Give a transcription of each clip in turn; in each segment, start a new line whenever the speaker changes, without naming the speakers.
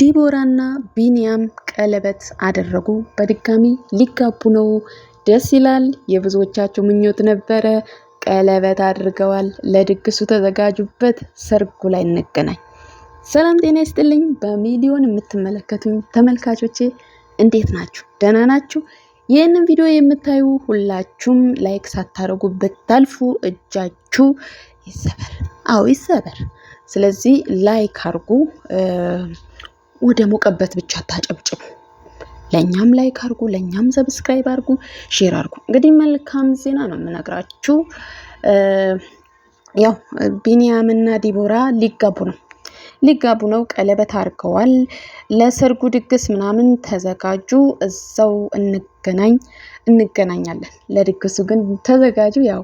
ዲቦራና ቢንያም ቀለበት አደረጉ። በድጋሚ ሊጋቡ ነው። ደስ ይላል። የብዙዎቻቸው ምኞት ነበረ። ቀለበት አድርገዋል። ለድግሱ ተዘጋጁበት። ሰርጉ ላይ እንገናኝ። ሰላም ጤና ይስጥልኝ። በሚሊዮን የምትመለከቱኝ ተመልካቾቼ እንዴት ናችሁ? ደህና ናችሁ? ይህንን ቪዲዮ የምታዩ ሁላችሁም ላይክ ሳታደርጉ ብታልፉ እጃችሁ ይሰበር። አዎ ይሰበር። ስለዚህ ላይክ አድርጉ። ወደ ሞቀበት ብቻ ታጨብጭቡ። ለእኛም ላይክ አርጉ፣ ለእኛም ሰብስክራይብ አርጉ፣ ሼር አርጉ። እንግዲህ መልካም ዜና ነው የምነግራችሁ። ያው ቢንያምና ዲቦራ ሊጋቡ ነው። ሊጋቡ ነው፣ ቀለበት አድርገዋል። ለሰርጉ ድግስ ምናምን ተዘጋጁ፣ እዛው እንገናኝ እንገናኛለን። ለድግሱ ግን ተዘጋጁ። ያው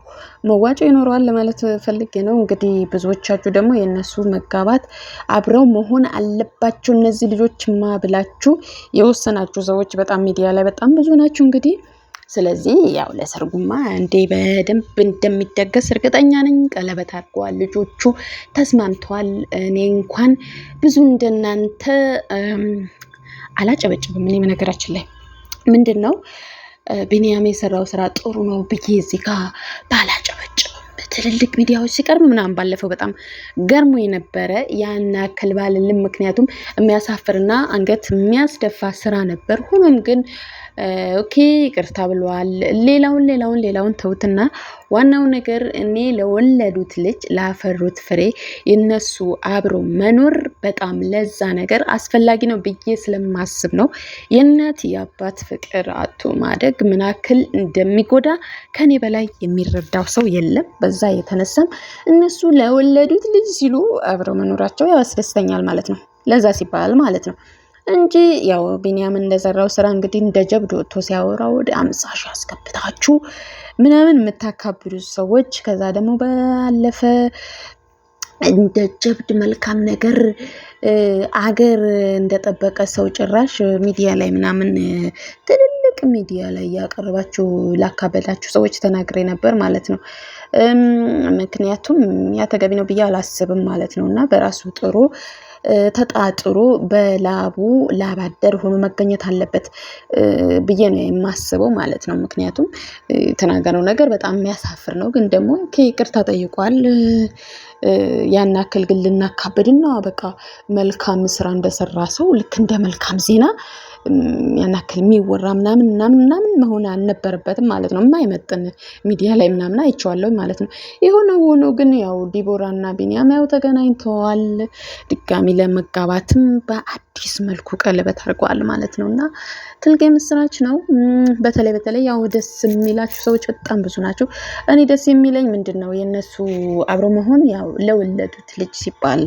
መዋጮ ይኖረዋል ለማለት ፈልጌ ነው። እንግዲህ ብዙዎቻችሁ ደግሞ የእነሱ መጋባት አብረው መሆን አለባቸው እነዚህ ልጆችማ ብላችሁ የወሰናችሁ ሰዎች በጣም ሚዲያ ላይ በጣም ብዙ ናችሁ እንግዲህ ስለዚህ ያው ለሰርጉማ እንዴ በደንብ እንደሚደገስ እርግጠኛ ነኝ። ቀለበት አድርገዋል፣ ልጆቹ ተስማምተዋል። እኔ እንኳን ብዙ እንደናንተ አላጨበጭብም። እኔ በነገራችን ላይ ምንድን ነው ቢኒያም የሰራው ስራ ጥሩ ነው ብዬ እዚህ ባላጨበጭ ትልልቅ ሚዲያዎች ሲቀርብ ምናምን ባለፈው በጣም ገርሞ የነበረ ያን ያክል ባልልም፣ ምክንያቱም የሚያሳፍርና አንገት የሚያስደፋ ስራ ነበር። ሆኖም ግን ኦኬ ይቅርታ ብለዋል። ሌላውን ሌላውን ሌላውን ተውትና ዋናው ነገር እኔ ለወለዱት ልጅ ላፈሩት ፍሬ የነሱ አብሮ መኖር በጣም ለዛ ነገር አስፈላጊ ነው ብዬ ስለማስብ ነው። የእናት የአባት ፍቅር አቶ ማደግ ምናክል እንደሚጎዳ ከኔ በላይ የሚረዳው ሰው የለም። በዛ የተነሳም እነሱ ለወለዱት ልጅ ሲሉ አብረው መኖራቸው ያስደስተኛል ማለት ነው። ለዛ ሲባል ማለት ነው። እንጂ ያው ቢኒያም እንደሰራው ስራ እንግዲህ እንደ ጀብድ ወጥቶ ሲያወራ ወደ አምሳ ሺህ ያስገብታችሁ ምናምን የምታካብዱ ሰዎች ከዛ ደግሞ ባለፈ እንደ ጀብድ መልካም ነገር አገር እንደጠበቀ ሰው ጭራሽ ሚዲያ ላይ ምናምን ትልልቅ ሚዲያ ላይ ያቀረባችሁ ላካበዳችሁ ሰዎች ተናግሬ ነበር ማለት ነው። ምክንያቱም ያ ተገቢ ነው ብዬ አላስብም ማለት ነው እና በራሱ ጥሩ ተጣጥሮ በላቡ ላባደር ሆኖ መገኘት አለበት ብዬ ነው የማስበው ማለት ነው። ምክንያቱም የተናገረው ነገር በጣም የሚያሳፍር ነው። ግን ደግሞ ይቅርታ ጠይቋል። ያን ያክል ግን ልናካብድና በቃ መልካም ስራ እንደሰራ ሰው ልክ እንደ መልካም ዜና ያን ያክል የሚወራ ምናምን ምናምን ምናምን መሆን አልነበረበትም ማለት ነው። የማይመጥን ሚዲያ ላይ ምናምን አይቼዋለሁ ማለት ነው። የሆነ ሆኖ ግን ያው ዲቦራና ቢኒያም ያው ተገናኝተዋል። ድጋሚ ለመጋባትም በአዲስ መልኩ ቀለበት አድርገዋል ማለት ነው እና ትልቅ የምስራች ነው። በተለይ በተለይ ያው ደስ የሚላችሁ ሰዎች በጣም ብዙ ናቸው። እኔ ደስ የሚለኝ ምንድን ነው የእነሱ አብሮ መሆን ያው ነው ለወለዱት ልጅ ሲባል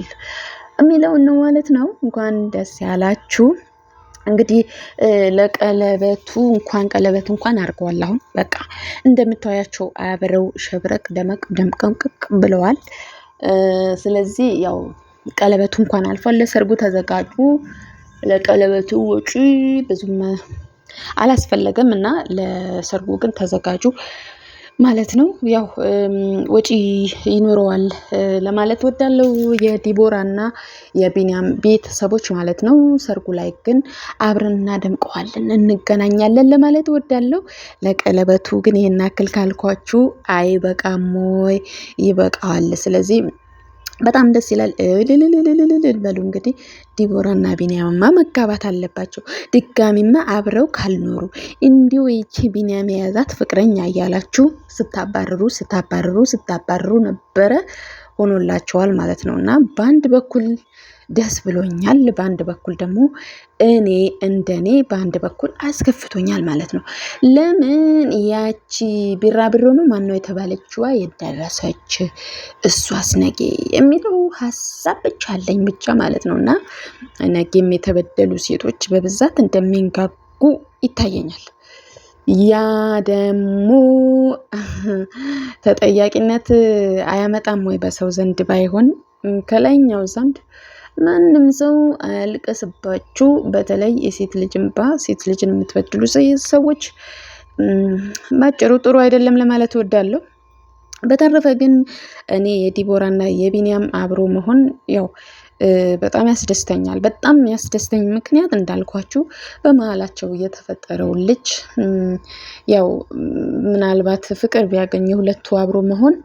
የሚለውን ነው ማለት ነው። እንኳን ደስ ያላችሁ። እንግዲህ ለቀለበቱ እንኳን ቀለበት እንኳን አድርገዋል። አሁን በቃ እንደምታያቸው አብረው ሸብረቅ ደመቅ ደምቀምቅቅ ብለዋል። ስለዚህ ያው ቀለበቱ እንኳን አልፏል። ለሰርጉ ተዘጋጁ። ለቀለበቱ ወጪ ብዙም አላስፈለገም እና ለሰርጉ ግን ተዘጋጁ። ማለት ነው። ያው ወጪ ይኖረዋል ለማለት ወዳለው የዲቦራና የቢንያም ቤተሰቦች ማለት ነው። ሰርጉ ላይ ግን አብረን እናደምቀዋለን፣ እንገናኛለን ለማለት ወዳለው። ለቀለበቱ ግን ይህን ያክል ካልኳችሁ አይበቃም ወይ? ይበቃዋል። ስለዚህ በጣም ደስ ይላል። እልልልልልልል በሉ እንግዲህ ዲቦራና ቢንያምማ መጋባት አለባቸው። ድጋሚማ አብረው ካልኖሩ እንዲሁ ይቺ ቢንያም የያዛት ፍቅረኛ እያላችሁ ስታባርሩ ስታባርሩ ስታባርሩ ነበረ። ሆኖላቸዋል ማለት ነው። እና በአንድ በኩል ደስ ብሎኛል፣ በአንድ በኩል ደግሞ እኔ እንደኔ በአንድ በኩል አስከፍቶኛል ማለት ነው። ለምን ያቺ ቢራቢሮ ነው ማነው የተባለችዋ የደረሰች እሷስ ነጌ የሚለው ሀሳብ ብቻ አለኝ ብቻ ማለት ነው። እና ነጌም የተበደሉ ሴቶች በብዛት እንደሚንጋጉ ይታየኛል። ያ ደግሞ ተጠያቂነት አያመጣም ወይ? በሰው ዘንድ ባይሆን ከላይኛው ዘንድ ማንም ሰው አያልቀስባችሁ። በተለይ የሴት ልጅ እንባ፣ ሴት ልጅን የምትበድሉ ሰዎች ባጭሩ ጥሩ አይደለም ለማለት እወዳለሁ። በተረፈ ግን እኔ የዲቦራና የቢንያም አብሮ መሆን ያው በጣም ያስደስተኛል። በጣም ያስደስተኝ ምክንያት እንዳልኳችሁ በመሀላቸው የተፈጠረው ልጅ ያው ምናልባት ፍቅር ቢያገኝ ሁለቱ አብሮ መሆን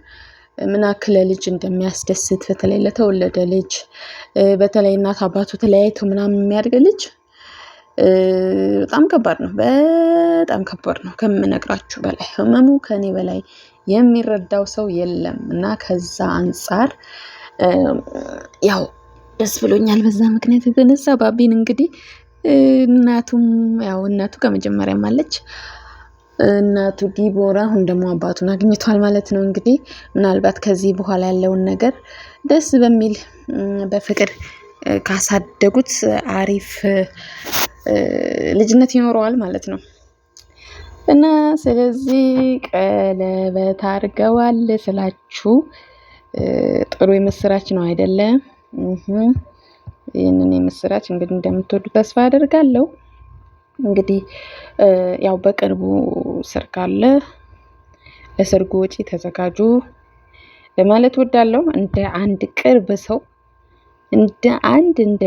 ምናክለ ልጅ እንደሚያስደስት በተለይ ለተወለደ ልጅ በተለይ እናት አባቱ ተለያይተው ምናምን የሚያድግ ልጅ በጣም ከባድ ነው። በጣም ከባድ ነው ከምነግራችሁ በላይ ህመሙ ከኔ በላይ የሚረዳው ሰው የለም እና ከዛ አንጻር ያው ደስ ብሎኛል። በዛ ምክንያት የተነሳ ባቢን እንግዲህ እናቱም ያው እናቱ ከመጀመሪያም አለች እናቱ ዲቦራ አሁን ደግሞ አባቱን አግኝቷል ማለት ነው። እንግዲህ ምናልባት ከዚህ በኋላ ያለውን ነገር ደስ በሚል በፍቅር ካሳደጉት አሪፍ ልጅነት ይኖረዋል ማለት ነው እና ስለዚህ ቀለበት አድርገዋል ስላችሁ ጥሩ የምስራች ነው አይደለም? ይህንን የምስራች እንግዲህ እንደምትወዱ ተስፋ አደርጋለሁ። እንግዲህ ያው በቅርቡ ስር አለ። ለሰርጉ ወጪ ተዘጋጁ ለማለት ወዳለሁ። እንደ አንድ ቅርብ ሰው እንደ አንድ እንደ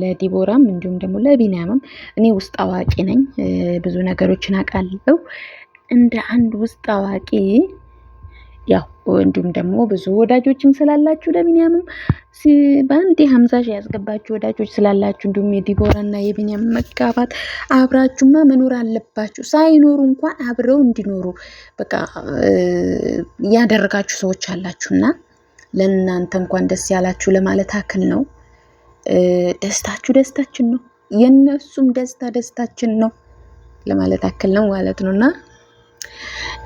ለዲቦራም እንዲሁም ደግሞ ለቢንያምም እኔ ውስጥ አዋቂ ነኝ፣ ብዙ ነገሮችን አውቃለሁ። እንደ አንድ ውስጥ አዋቂ ያው እንዲሁም ደግሞ ብዙ ወዳጆችም ስላላችሁ ለቢኒያምም በአንዴ ሀምሳ ሺህ ያስገባችሁ ወዳጆች ስላላችሁ እንዲሁም የዲቦራና የቢኒያም መጋባት አብራችሁማ መኖር አለባችሁ። ሳይኖሩ እንኳን አብረው እንዲኖሩ በቃ ያደረጋችሁ ሰዎች አላችሁና ለእናንተ እንኳን ደስ ያላችሁ ለማለት አክል ነው። ደስታችሁ ደስታችን ነው፣ የእነሱም ደስታ ደስታችን ነው ለማለት አክል ነው ማለት ነው እና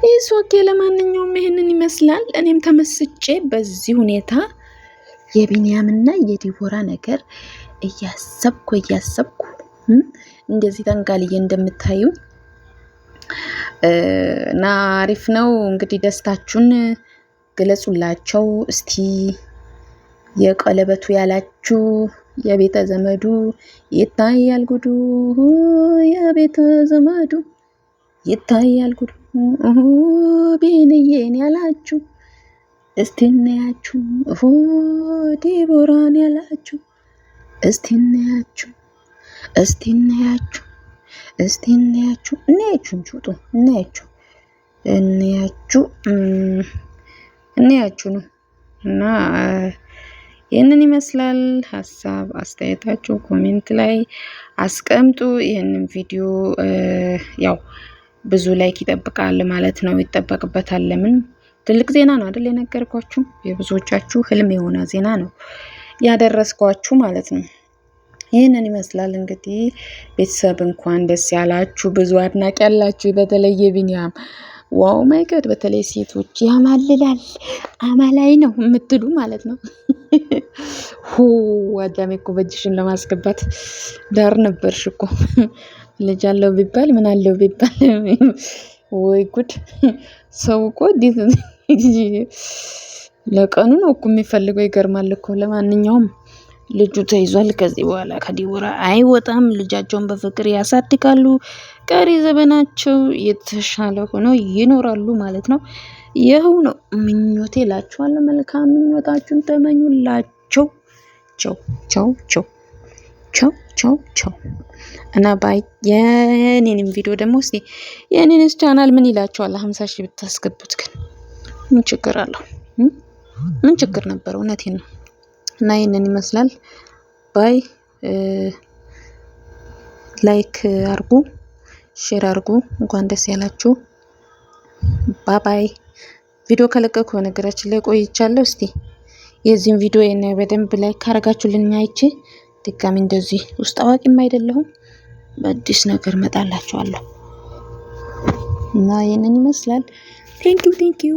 ይህ ሶኬ ለማንኛውም ይህንን ይመስላል። እኔም ተመስጬ በዚህ ሁኔታ የቢንያምና የዲቦራ ነገር እያሰብኩ እያሰብኩ እንደዚህ ተንጋልዬ እንደምታዩ እና አሪፍ ነው እንግዲህ ደስታችሁን ግለጹላቸው እስቲ የቀለበቱ ያላችሁ የቤተ ዘመዱ ይታያል ጉዱ፣ የቤተ ዘመዱ ይታያል ጉዱ። ቤንዬን ያላችሁ እስቲናያችሁ ሆ ዲቦራን ያላችሁ እስቲናያችሁ እስቲናያችሁ እስቲናያችሁ እናያችሁ እንጩጡ እናያችሁ እናያችሁ እናያችሁ ነው እና ይህንን ይመስላል። ሀሳብ አስተያየታችሁ ኮሜንት ላይ አስቀምጡ። ይህንን ቪዲዮ ያው ብዙ ላይክ ይጠብቃል ማለት ነው። ይጠበቅበታል። ለምን ትልቅ ዜና ነው አይደል? የነገርኳችሁ የብዙዎቻችሁ ህልም የሆነ ዜና ነው ያደረስኳችሁ ማለት ነው። ይህንን ይመስላል እንግዲህ ቤተሰብ እንኳን ደስ ያላችሁ። ብዙ አድናቂ ያላችሁ በተለየ ቢኒያም ዋው ማይ ጋድ! በተለይ ሴቶች ያማልላል አማላይ ነው የምትሉ ማለት ነው። ሁ አዳሜ እኮ በእጅሽን ለማስገባት ዳር ነበርሽ እኮ ልጅ አለው ቢባል ምን አለው ቢባል ወይ ጉድ! ሰው እኮ እንዴት ለቀኑ ነው እኮ የሚፈልገው። ይገርማል እኮ። ለማንኛውም ልጁ ተይዟል። ከዚህ በኋላ ከዲቦራ አይወጣም። ልጃቸውን በፍቅር ያሳድጋሉ። ቀሪ ዘመናቸው የተሻለ ሆነው ይኖራሉ ማለት ነው። ይኸው ነው ምኞቴ እላችኋለሁ። መልካም ምኞታችሁን ተመኙላቸው። ቸው ቸው ቸው ቸው ቸው ቸው እና ባይ የኔንም ቪዲዮ ደግሞ እስቲ የኔንስ ቻናል ምን ይላቸዋል? ሀምሳ ሺህ ብታስገቡት ግን ምን ችግር አለው? ምን ችግር ነበር? እውነቴን ነው። እና ይህንን ይመስላል ባይ ላይክ አርጉ፣ ሼር አርጉ። እንኳን ደስ ያላችሁ። ባባይ ቪዲዮ ከለቀኩ በነገራችን ላይ ቆይቻለሁ። እስቲ የዚህን ቪዲዮ በደንብ ላይክ አረጋችሁልኝ አይቼ ድጋሚ እንደዚህ ውስጥ አዋቂም አይደለሁም። በአዲስ ነገር መጣላችኋለሁ እና ይህንን ይመስላል። ቴንኪው ቴንኪው